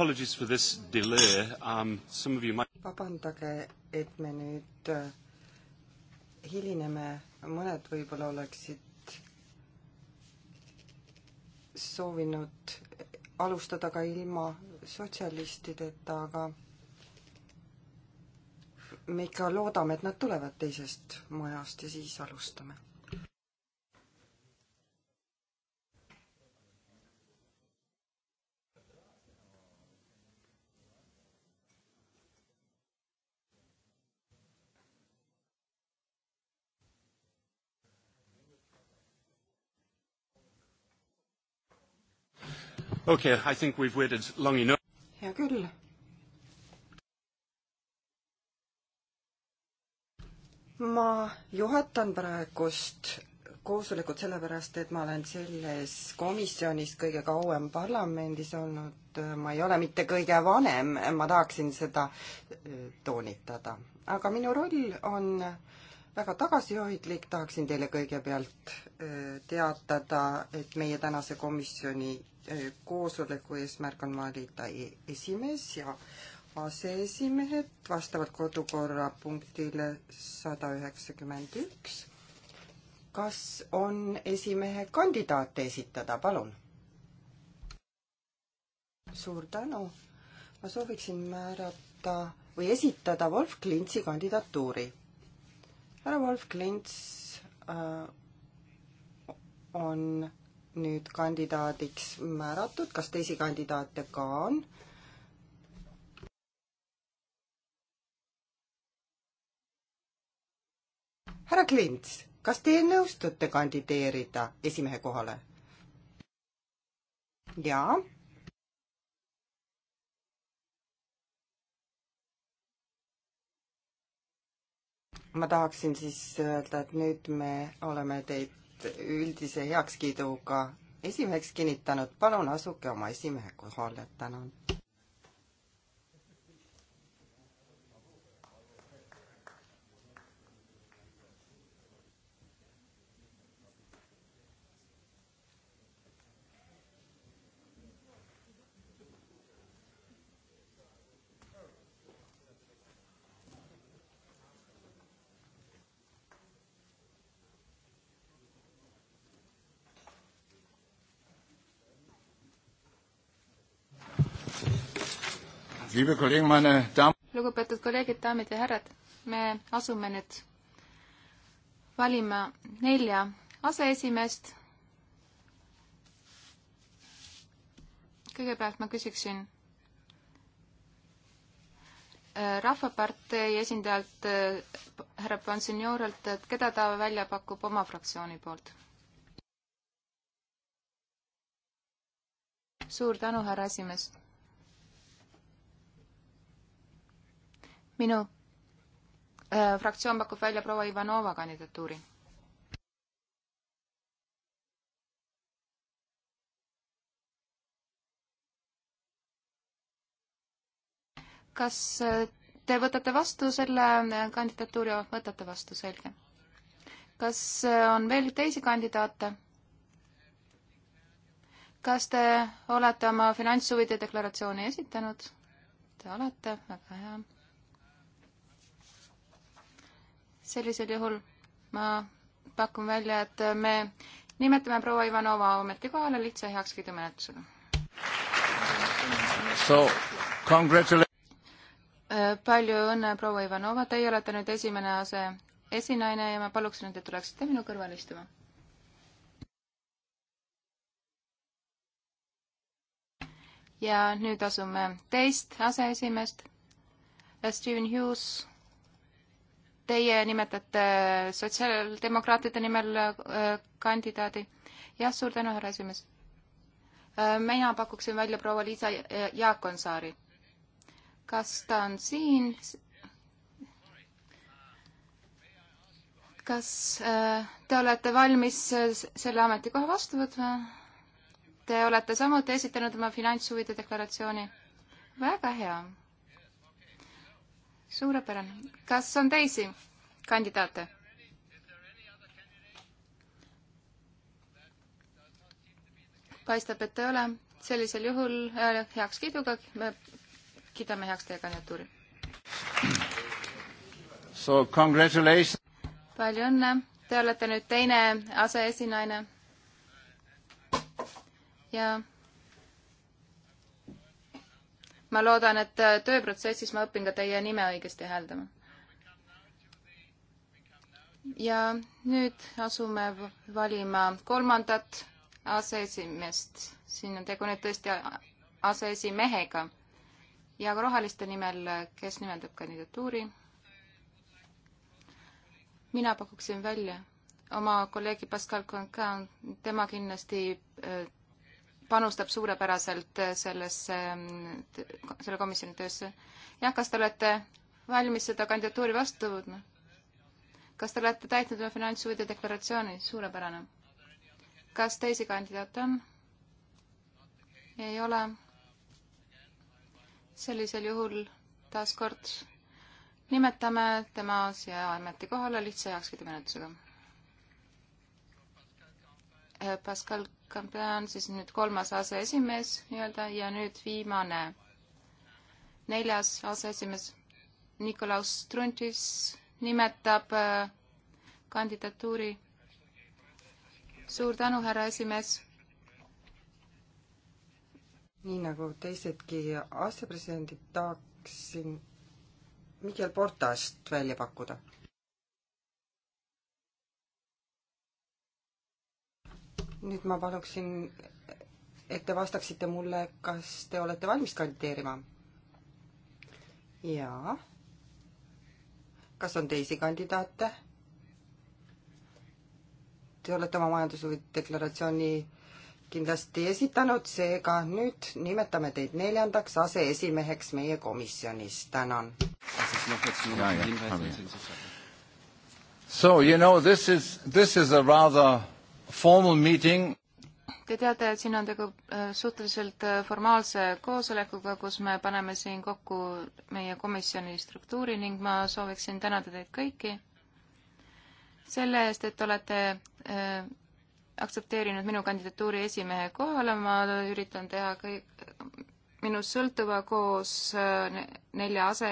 apologies for this delay. Um, some of you might... vabandage, et me nüüd äh, hilineme, mõned võib-olla oleksid soovinud alustada ka ilma sotsialistideta, aga me ikka loodame, et nad tulevad teisest majast ja siis alustame Okay, I think we've waited long enough. hea küll. ma juhatan praegust koosolekut sellepärast, et ma olen selles komisjonis kõige kauem parlamendis olnud, ma ei ole mitte kõige vanem, ma tahaksin seda äh, toonitada. aga minu roll on äh, väga tagasihoidlik, tahaksin teile kõigepealt äh, teatada, et meie tänase komisjoni äh, koosoleku eesmärk on valida e-, esimees ja aseesimehed vastavalt kodukorra punktile sada üheksakümmend üks. kas on esimehe kandidaate esitada, palun? suur tänu. ma sooviksin määrata või esitada Wolf Klintsi kandidatuuri härra Wolf Klints äh, on nüüd kandidaadiks määratud, kas teisi kandidaate ka on? härra Klints, kas teie nõustute kandideerida esimehe kohale? jaa ma tahaksin siis öelda, et nüüd me oleme teid üldise heakskiiduga esimeheks kinnitanud, palun asuge oma esimehe kohale, tänan lugupeetud kolleegid, daamid ja härrad, me asume nüüd valima nelja aseesimeest. kõigepealt ma küsiksin äh, Rahvapartei esindajalt äh, härra Ponsignorelt, et keda ta välja pakub oma fraktsiooni poolt? suur tänu, härra esimees minu äh, fraktsioon pakub välja proua Ivanova kandidatuuri. kas äh, te võtate vastu selle äh, kandidatuuri, võtate vastu, selge. kas äh, on veel teisi kandidaate? kas te olete oma finantshuvide deklaratsiooni esitanud? Te olete, väga hea sellisel juhul ma pakun välja, et me nimetame proua Ivanova ametikohale lihtsa heakskiidumenetlusega. Äh, palju õnne, proua Ivanova, teie olete nüüd esimene ase esinaine ja ma paluksin, et te tuleksite minu kõrval istuma ja nüüd asume teist aseesimeest, äh, Steven Hughes teie nimetate sotsiaaldemokraatide nimel äh, kandidaadi. jah, suur tänu, härra esimees. Äh, mina pakuksin välja proua Liisa Jaakonsaari. kas ta on siin? kas äh, te olete valmis selle ametikoha vastu võtma? Te olete samuti esitanud oma finantshuvide deklaratsiooni. väga hea suurepärane. kas on teisi kandidaate? paistab, et ei ole. sellisel juhul äh, heaks kiiduga me kiidame heaks teie kandidatuuri. palju õnne, te olete nüüd teine aseesinaine. ja ma loodan, et äh, tööprotsessis ma õpin ka teie nime õigesti hääldama. ja nüüd asume valima kolmandat aseesimeest. siin on tegu nüüd tõesti aseesimehega ja ka roheliste nimel, äh, kes nimetab kandidatuuri. mina pakuksin välja oma kolleegi Pascal Concan, tema kindlasti äh, panustab suurepäraselt sellesse, selle komisjoni töösse. jah, kas te olete valmis seda kandidatuuri vastu võtma? kas te olete täitnud oma finantshuvide deklaratsiooni? suurepärane. kas teisi kandidaate on? ei ole. sellisel juhul taaskord nimetame tema siia ametikohale lihtsa heakskiidumenetlusega. Pascal Kampean siis nüüd kolmas aseesimees nii-öelda ja nüüd viimane, neljas aseesimees Nikolaus Struntis nimetab äh, kandidatuuri. suur tänu, härra esimees nii nagu teisedki asepresidendid, tahaksin Miguel Portast välja pakkuda. nüüd ma paluksin, et te vastaksite mulle, kas te olete valmis kandideerima? jaa. kas on teisi kandidaate? Te olete oma majandushuvide deklaratsiooni kindlasti esitanud, seega nüüd nimetame teid neljandaks aseesimeheks meie komisjonis, tänan. So you know this is, this is a rather formal meeting Te teate, et siin on tegu äh, suhteliselt äh, formaalse koosolekuga, kus me paneme siin kokku meie komisjoni struktuuri ning ma sooviksin tänada teid kõiki selle eest, et olete äh, aktsepteerinud minu kandidatuuri esimehe kohale. Ma üritan teha kõik minust sõltuva koos nelja ase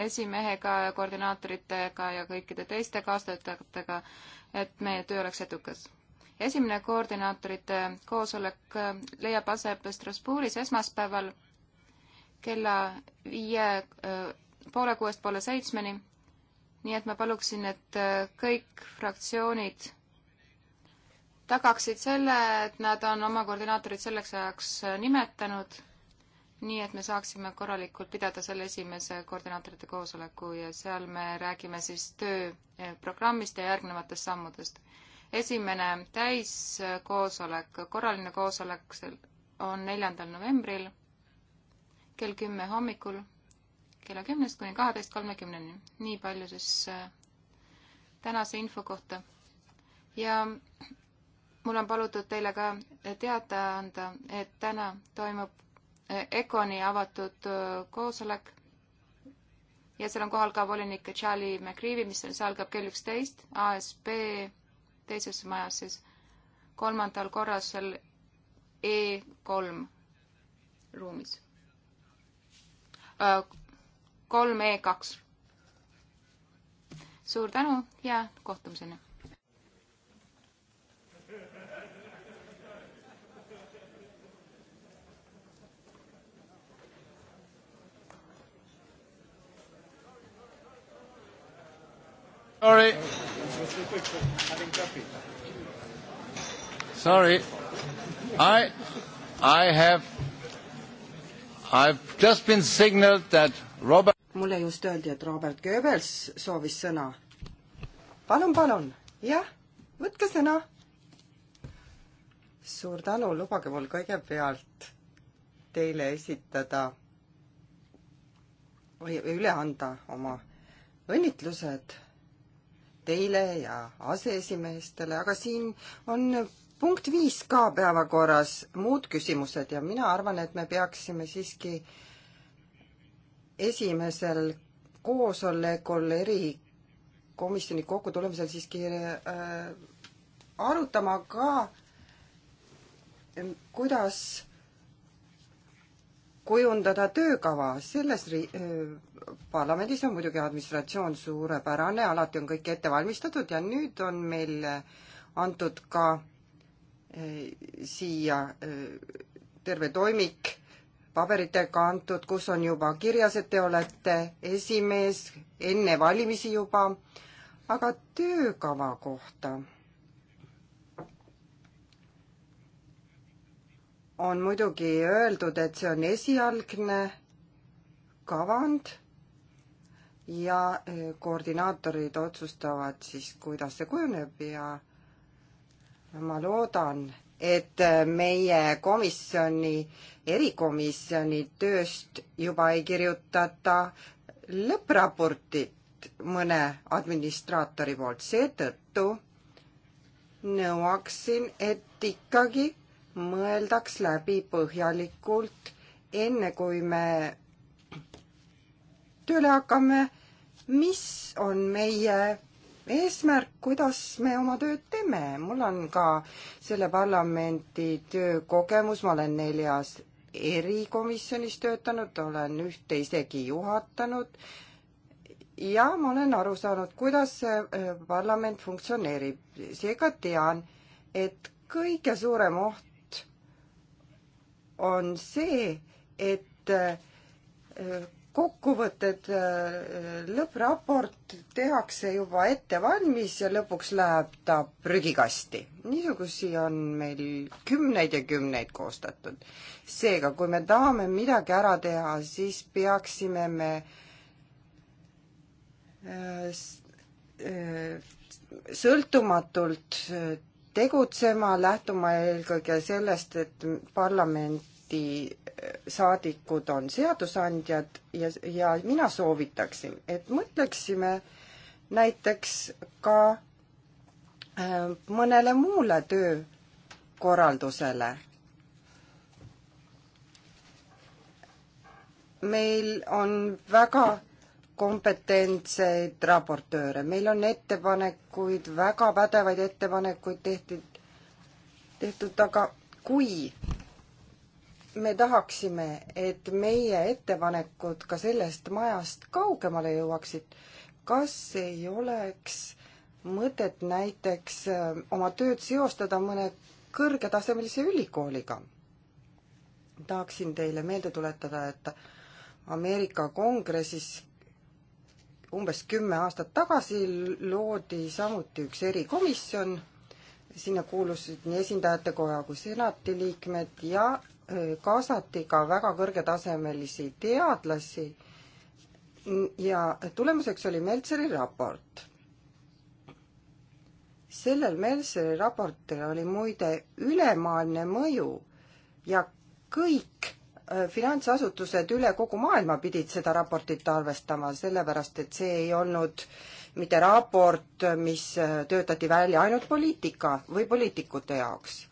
esimehega ja koordinaatoritega ja kõikide teiste kaastöötajatega et meie töö oleks edukas. esimene koordinaatorite koosolek äh, leiab aset Strasbourgis esmaspäeval kella viie, äh, poole kuuest poole seitsmeni. nii et ma paluksin, et äh, kõik fraktsioonid tagaksid selle, et nad on oma koordinaatorid selleks ajaks nimetanud nii et me saaksime korralikult pidada selle esimese koordinaatorite koosoleku ja seal me räägime siis tööprogrammist ja järgnevatest sammudest. esimene täiskoosolek, korraline koosolek on neljandal novembril kell kümme hommikul kella kümnest kuni kaheteist kolmekümneni. nii palju siis äh, tänase info kohta. ja mul on palutud teile ka teada anda, et täna toimub ECONi avatud koosolek ja seal on kohal ka volinik Charlie McRivi, mis on, see algab kell üksteist, ASB teises majas siis, kolmandal korrusel E kolm ruumis. kolm E kaks. suur tänu ja kohtumiseni! Sorry. Sorry. I, I have, I've just been signaled that Robert. mulle just öeldi, et Robert Goebbels soovis sõna. palun, palun, jah, võtke sõna. suur tänu, lubage mul kõigepealt teile esitada või üle anda oma õnnitlused teile ja aseesimeestele, aga siin on punkt viis ka päevakorras, muud küsimused ja mina arvan, et me peaksime siiski esimesel koosolekul erikomisjoni kokkutulemisel siiski äh, arutama ka, kuidas kujundada töökava, selles ri-, parlamendis on muidugi administratsioon suurepärane, alati on kõik ette valmistatud ja nüüd on meil antud ka siia terve toimik paberitega antud, kus on juba kirjas, et te olete esimees enne valimisi juba, aga töökava kohta on muidugi öeldud, et see on esialgne kavand ja eh, koordinaatorid otsustavad siis, kuidas see kujuneb ja ma loodan, et eh, meie komisjoni, erikomisjoni tööst juba ei kirjutata lõppraportit mõne administraatori poolt, seetõttu nõuaksin, et ikkagi mõeldaks läbi põhjalikult, enne kui me tööle hakkame, mis on meie eesmärk, kuidas me oma tööd teeme. mul on ka selle parlamendi töökogemus, ma olen neljas erikomisjonis töötanud, olen ühte isegi juhatanud ja ma olen aru saanud, kuidas äh, parlament funktsioneerib. seega tean, et kõige suurem oht on see, et äh, kokkuvõtted, äh, lõppraport tehakse juba ette valmis ja lõpuks läheb ta prügikasti. niisugusi on meil kümneid ja kümneid koostatud. seega, kui me tahame midagi ära teha, siis peaksime me äh, sõltumatult tegutsema, lähtuma eelkõige sellest, et parlament Briti eh, saadikud on seadusandjad ja, ja mina soovitaksin, et mõtleksime näiteks ka eh, mõnele muule töökorraldusele. meil on väga kompetentseid raportööre, meil on ettepanekuid, väga pädevaid ettepanekuid tehti, tehtud, aga kui me tahaksime, et meie ettepanekud ka sellest majast kaugemale jõuaksid. kas ei oleks mõtet näiteks äh, oma tööd seostada mõne kõrgetasemelise ülikooliga? tahaksin teile meelde tuletada, et Ameerika Kongressis umbes kümme aastat tagasi loodi samuti üks erikomisjon, sinna kuulusid nii esindajatekoja kui senati liikmed ja kaasati ka väga kõrgetasemelisi teadlasi ja tulemuseks oli Meltseri raport. sellel Meltseri raportil oli muide ülemaailmne mõju ja kõik äh, finantsasutused üle kogu maailma pidid seda raportit arvestama, sellepärast et see ei olnud mitte raport, mis äh, töötati välja ainult poliitika või poliitikute jaoks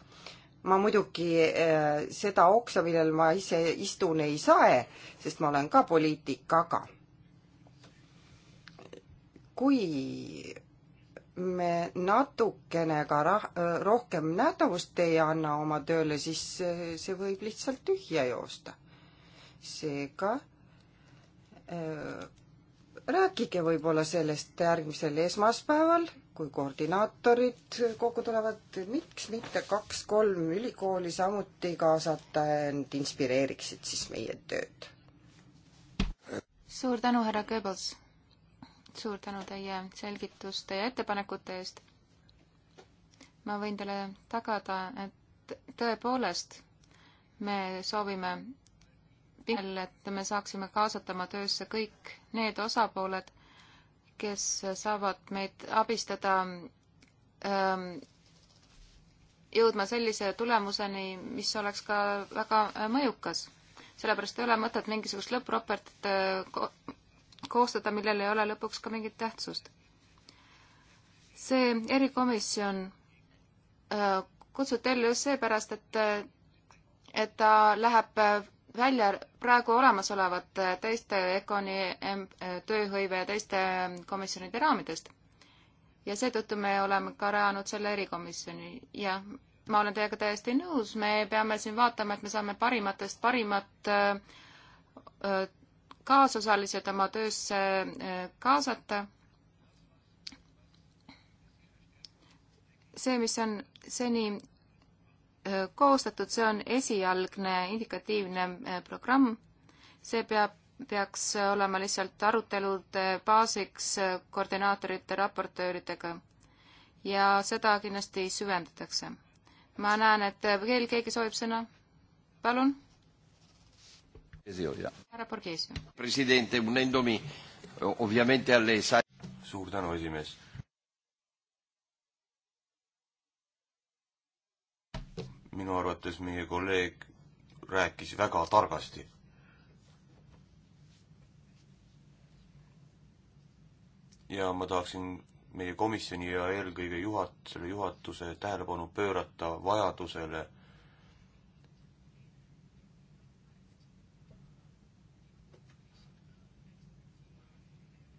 ma muidugi eh, seda oksa, millel ma ise istun, ei sae, sest ma olen ka poliitik, aga kui me natukene ka rah-, eh, rohkem nädavust ei anna oma tööle, siis eh, see võib lihtsalt tühja joosta. seega äh, rääkige võib-olla sellest järgmisel esmaspäeval kui koordinaatorid kokku tulevad, miks mitte kaks-kolm ülikooli samuti kaasata, et inspireeriksid siis meie tööd? suur tänu, härra Goebbels! suur tänu teie selgituste ja ettepanekute eest! ma võin teile tagada, et tõepoolest me soovime, et me saaksime kaasata oma töösse kõik need osapooled, kes saavad meid abistada ähm, jõudma sellise tulemuseni, mis oleks ka väga äh, mõjukas. sellepärast ei ole mõtet mingisugust lõppraportit äh, koostada, millel ei ole lõpuks ka mingit tähtsust. see erikomisjon äh, kutsuti ellu just seepärast, et, et ta läheb välja praegu olemasolevate teiste EKONi eh, tööhõive ja teiste komisjonide raamidest. ja seetõttu me oleme ka rajanud selle erikomisjoni ja ma olen teiega täiesti nõus, me peame siin vaatama, et me saame parimatest parimat eh, eh, kaasosalised oma töösse kaasata. see, mis on seni koostatud, see on esialgne indikatiivne eh, programm. see peab, peaks olema lihtsalt arutelude baasiks eh, koordinaatorite, raportööridega ja seda kindlasti süvendatakse. ma näen, et eh, veel keegi soovib sõna. palun. härra Borghese. president, suur tänu, esimees minu arvates meie kolleeg rääkis väga targasti. ja ma tahaksin meie komisjoni ja eelkõige juhat-, selle juhatuse tähelepanu pöörata vajadusele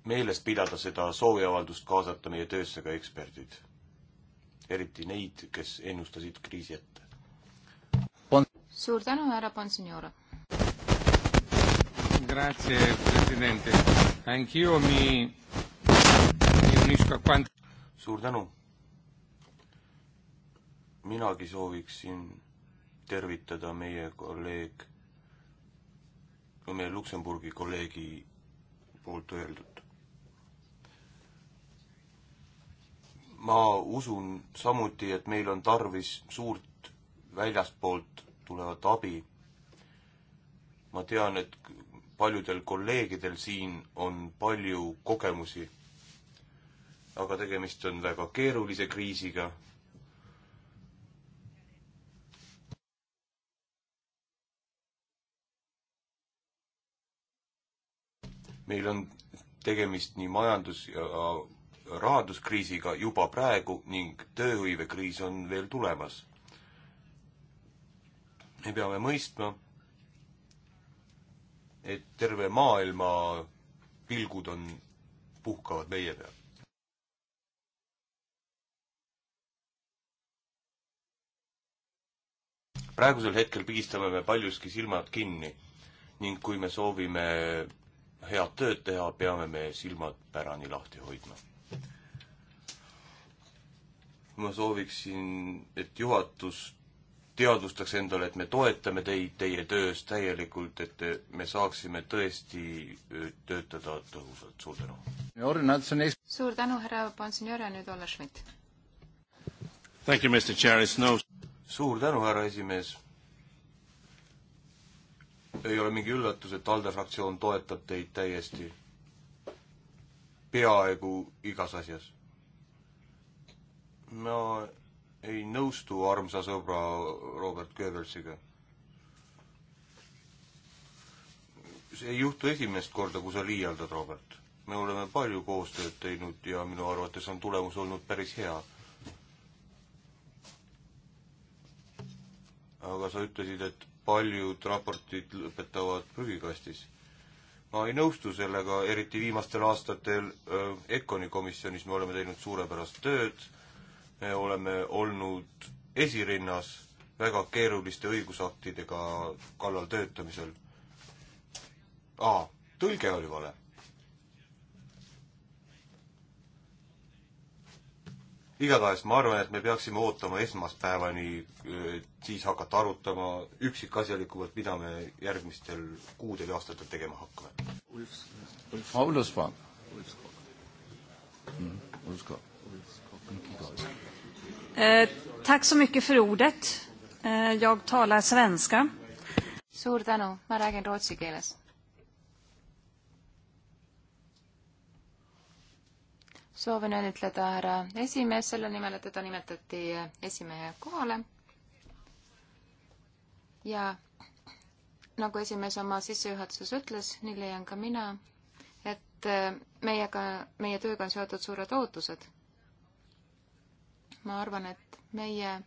meeles pidada seda sooviavaldust kaasata meie töösse ka eksperdid. eriti neid, kes ennustasid kriisi ette suur tänu, härra Bonsignor. Grazie, presidente. Anch'io mi, mi unisco a quant-. suur tänu. minagi sooviksin tervitada meie kolleeg, meie Luksemburgi kolleegi poolt öeldut. ma usun samuti, et meil on tarvis suurt väljaspoolt tulevat abi. ma tean, et paljudel kolleegidel siin on palju kogemusi, aga tegemist on väga keerulise kriisiga. meil on tegemist nii majandus ja rahanduskriisiga juba praegu ning tööhõivekriis on veel tulemas me peame mõistma, et terve maailma pilgud on, puhkavad meie peal. praegusel hetkel pigistame me paljuski silmad kinni ning kui me soovime head tööd teha, peame me silmad pärani lahti hoidma. ma sooviksin, et juhatus teadvustaks endale, et me toetame teid teie töös täielikult, et me saaksime tõesti töötada tõhusalt. suur tänu. suur tänu, härra Ponsignor ja nüüd Olle Schmidt. No... suur tänu, härra esimees. ei ole mingi üllatus, et ALDE fraktsioon toetab teid täiesti peaaegu igas asjas. ma no ei nõustu armsa sõbra Robert Goebbelsiga. see ei juhtu esimest korda, kui sa liialdad, Robert. me oleme palju koostööd teinud ja minu arvates on tulemus olnud päris hea. aga sa ütlesid, et paljud raportid lõpetavad prügikastis. ma ei nõustu sellega, eriti viimastel aastatel äh, Econi komisjonis me oleme teinud suurepärast tööd me oleme olnud esirinnas väga keeruliste õigusaktidega kallal töötamisel. aa, tõlge oli vale. igatahes ma arvan, et me peaksime ootama esmaspäevani, äh, siis hakata arutama üksikasjalikumalt, mida me järgmistel kuudel ja aastatel tegema hakkame. Frau Ulfskog. Ulfskog. Hmm, Eh, tack så mycket för ordet. Eh, jag talar svenska. Suur tänu, ma räägin rootsi keeles. soovin õnnitleda härra esimees selle nimel, et teda nimetati eh, esimehe kohale. ja nagu esimees oma sissejuhatuses ütles, nii leian ka mina, et eh, meiega, meie tööga on seotud suured ootused ma arvan, et meie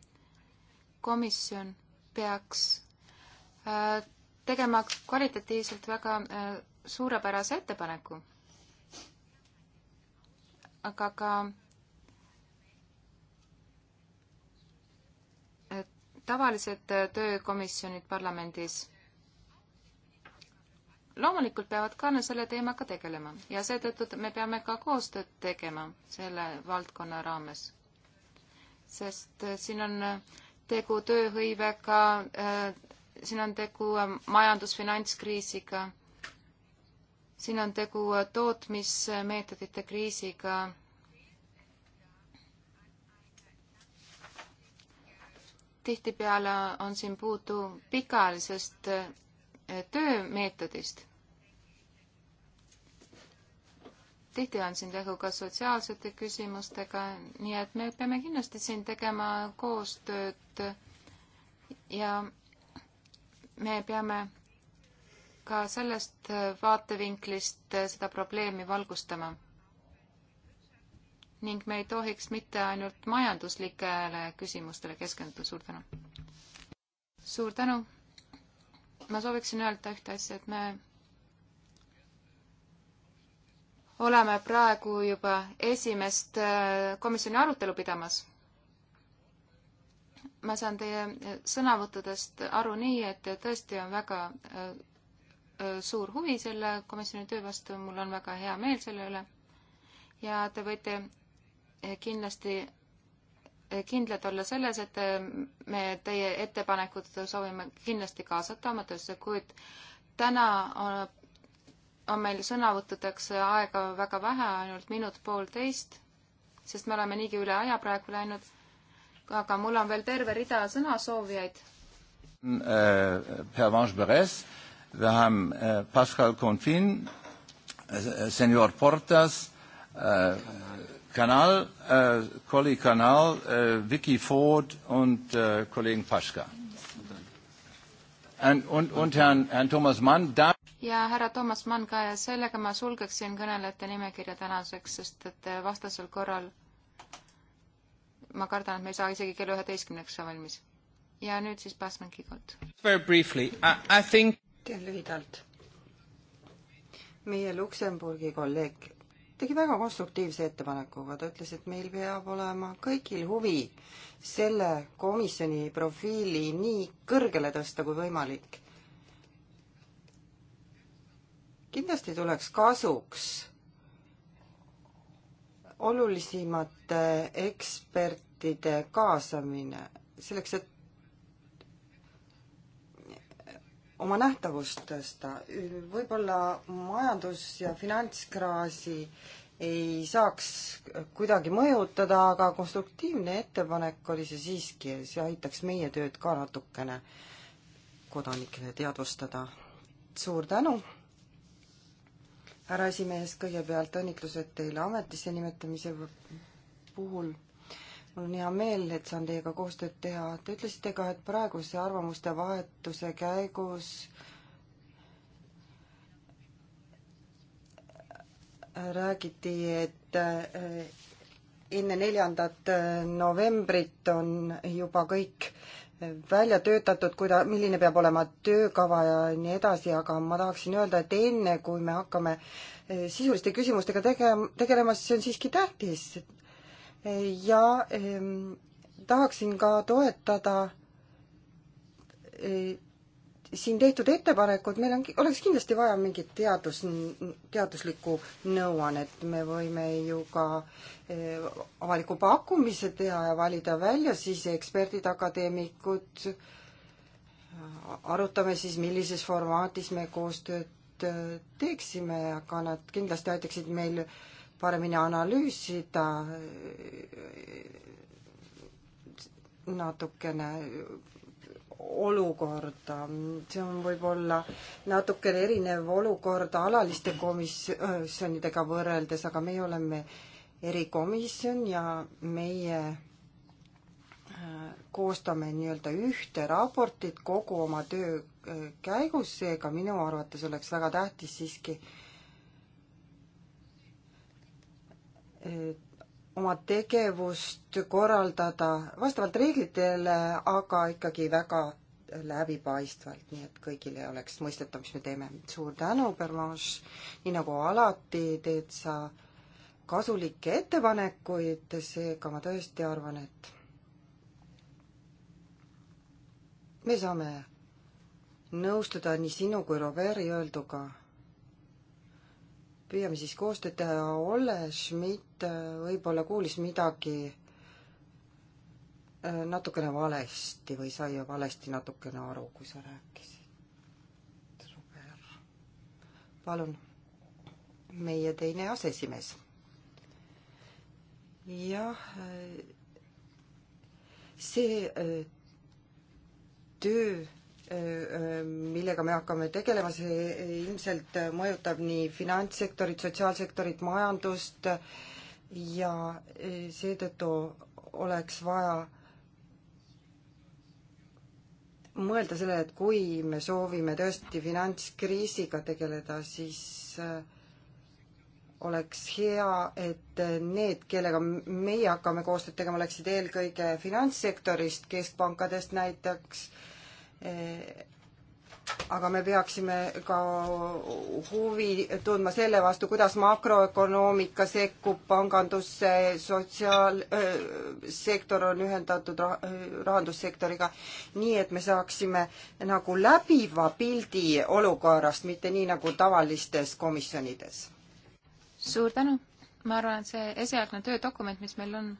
komisjon peaks äh, tegema kvalitatiivselt väga äh, suurepärase ettepaneku. aga ka äh, tavalised töökomisjonid parlamendis loomulikult peavad ka selle teemaga tegelema ja seetõttu me peame ka koostööd tegema selle valdkonna raames sest äh, äh, äh, siin on tegu tööhõivega, siin on tegu majandus-finantskriisiga, siin on tegu tootmismeetodite kriisiga. tihtipeale on siin puudu pikaajalisest töömeetodist tihti on siin tegu ka sotsiaalsete küsimustega, nii et me peame kindlasti siin tegema koostööd ja me peame ka sellest vaatevinklist seda probleemi valgustama. ning me ei tohiks mitte ainult majanduslikele küsimustele keskenduda, suur tänu. suur tänu. ma sooviksin öelda ühte asja, et me oleme praegu juba esimest äh, komisjoni arutelu pidamas. ma saan teie sõnavõttudest aru nii, et tõesti on väga äh, äh, suur huvi selle komisjoni töö vastu, mul on väga hea meel selle üle ja te võite kindlasti kindlad olla selles, et me teie ettepanekud soovime kindlasti kaasata oma töösse, kuid täna on meil sõnavõttudeks aega väga vähe, ainult minut-poolteist, sest me oleme niigi üle aja praegu läinud. aga mul on veel terve rida sõnasoovijaid. Pervanche mm, äh, Beres, vähem Pascal Confin, äh, senior Portas, äh, Kanal, Colli Kanal, Vicky Ford und Kollegen Paschka. Und, und, und Herrn, Herrn Thomas Mann. Da ja härra Toomas Mann ka ja sellega ma sulgeksin kõnelejate nimekirja tänaseks, sest et äh, vastasel korral ma kardan, et me ei saa isegi kella üheteistkümneks valmis. ja nüüd siis Basman Kigolt. Think... teen lühidalt. meie Luksemburgi kolleeg tegi väga konstruktiivse ettepanekuga, ta ütles, et meil peab olema kõigil huvi selle komisjoni profiili nii kõrgele tõsta kui võimalik kindlasti tuleks kasuks olulisimate ekspertide kaasamine selleks, et oma nähtavust tõsta. võib-olla majandus- ja finantskraasi ei saaks kuidagi mõjutada, aga konstruktiivne ettepanek oli see siiski, see aitaks meie tööd ka natukene kodanikele teadvustada. suur tänu! härra esimees, kõigepealt õnnitlused teile ametisse nimetamise puhul. mul on hea meel, et saan teiega koostööd teha. Te ütlesite ka, et praeguse arvamuste vahetuse käigus äh, räägiti, et äh, enne neljandat äh, novembrit on juba kõik äh, välja töötatud, kuida-, milline peab olema töökava ja nii edasi, aga ma tahaksin öelda, et enne, kui me hakkame eh, sisuliste küsimustega tege-, tegelema, siis see on siiski tähtis. ja eh, tahaksin ka toetada eh, siin tehtud ettepanekud, meil on, oleks kindlasti vaja mingit teadus, teaduslikku nõuannet, me võime ju ka eh, avaliku pakkumise teha ja valida välja siis eksperdid, akadeemikud, arutame siis, millises formaadis me koostööd eh, teeksime, aga nad kindlasti aitaksid meil paremini analüüsida eh, natukene olukorda. see on võib-olla natukene erinev olukord alaliste komisjonidega võrreldes, aga meie oleme erikomisjon ja meie äh, koostame nii-öelda ühte raportit kogu oma töö äh, käigus, seega minu arvates oleks väga tähtis siiski et oma tegevust korraldada vastavalt reeglitele, aga ikkagi väga läbipaistvalt, nii et kõigile oleks mõistetav, mis me teeme. suur tänu, Bermanche, nii nagu alati teed sa kasulikke ettepanekuid, seega ma tõesti arvan, et me saame nõustuda nii sinu kui Roberti öelduga püüame siis koostööd teha, Olle Schmidt äh, võib-olla kuulis midagi äh, natukene valesti või sai valesti natukene aru, kui sa rääkisid. palun, meie teine aseesimees. jah, äh, see töö Äh, millega me hakkame tegelema, see ilmselt mõjutab nii finantssektorit, sotsiaalsektorit, majandust ja äh, seetõttu oleks vaja mõelda sellele, et kui me soovime tõesti finantskriisiga tegeleda, siis äh, oleks hea, et need, kellega meie hakkame koostööd tegema, oleksid eelkõige finantssektorist, keskpankadest näiteks äh,, Äh, aga me peaksime ka huvi tundma selle vastu, kuidas makroökonoomika sekkub pangandusse, sotsiaalsektor äh, on ühendatud rahandussektoriga, nii et me saaksime nagu läbiva pildi olukorrast, mitte nii nagu tavalistes komisjonides. suur tänu, ma arvan, et see esialgne töödokument, mis meil on,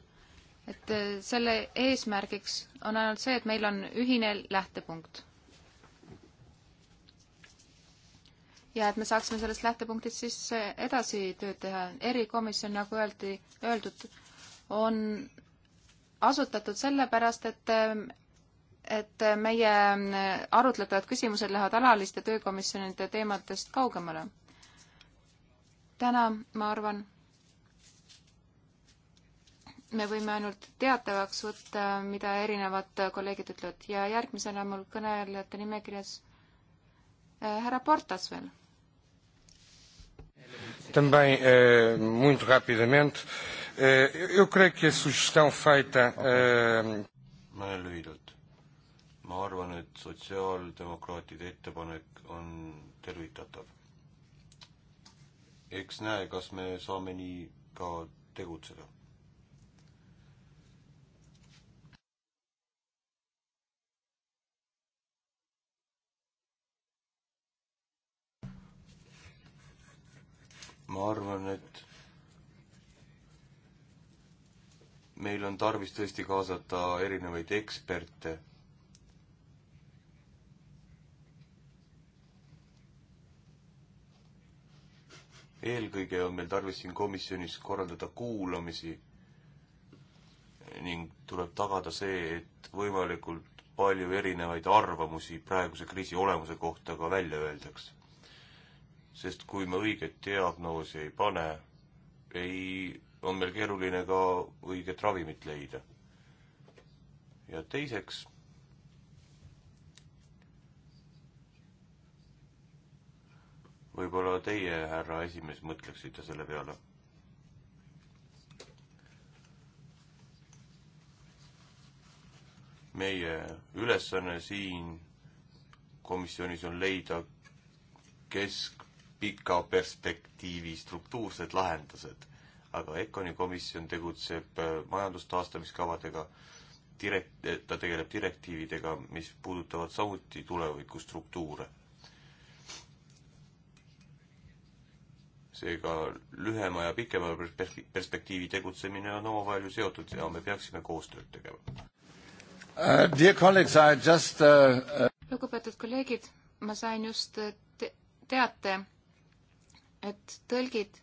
et äh, selle eesmärgiks on ainult see, et meil on ühine lähtepunkt. ja et me saaksime sellest lähtepunktist siis äh, edasi tööd teha. erikomisjon, nagu öeldi, öeldud, on asutatud sellepärast, et äh, et meie arutletavad küsimused lähevad alaliste töökomisjonide teemadest kaugemale. täna, ma arvan, me võime ainult teatavaks võtta, mida erinevad kolleegid ütlevad ja järgmisena mul kõnelejate nimekirjas eh, härra Portas veel. Também eh, muito rapidamente, eh, eu creio que a sugestão feita eh... ma lühidalt, ma arvan, et sotsiaaldemokraatide ettepanek on tervitatav. eks näe, kas me saame nii ka tegutseda ma arvan, et meil on tarvis tõesti kaasata erinevaid eksperte. eelkõige on meil tarvis siin komisjonis korraldada kuulamisi ning tuleb tagada see, et võimalikult palju erinevaid arvamusi praeguse kriisi olemuse kohta ka välja öeldaks sest kui me õiget diagnoosi ei pane, ei, on meil keeruline ka õiget ravimit leida. ja teiseks, võib-olla teie, härra esimees, mõtleksite selle peale meie ülesanne siin komisjonis on leida kesk, pika perspektiivi struktuursed lahendused. aga EKONi komisjon tegutseb äh, majandustaastamiskavadega, direkt-, äh, ta tegeleb direktiividega, mis puudutavad samuti tulevikustruktuure. seega lühema ja pikema perspektiivi tegutsemine on omavahel ju seotud ja me peaksime koostööd tegema uh,. Dear colleagues, I just uh, uh lugupeetud kolleegid, ma sain just te teate, et tõlgid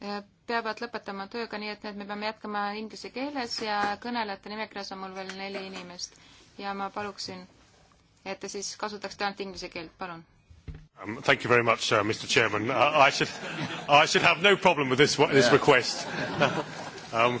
eh, peavad lõpetama tööga, nii et, et me peame jätkama inglise keeles ja kõnelejate nimekirjas on mul veel neli inimest ja ma paluksin, et te siis kasutaksite ainult inglise keelt, palun. Um, thank you very much, uh, Mr. Chairman. Uh, I should, I should have no problem with this, this yeah. request. um,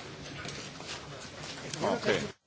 Okay.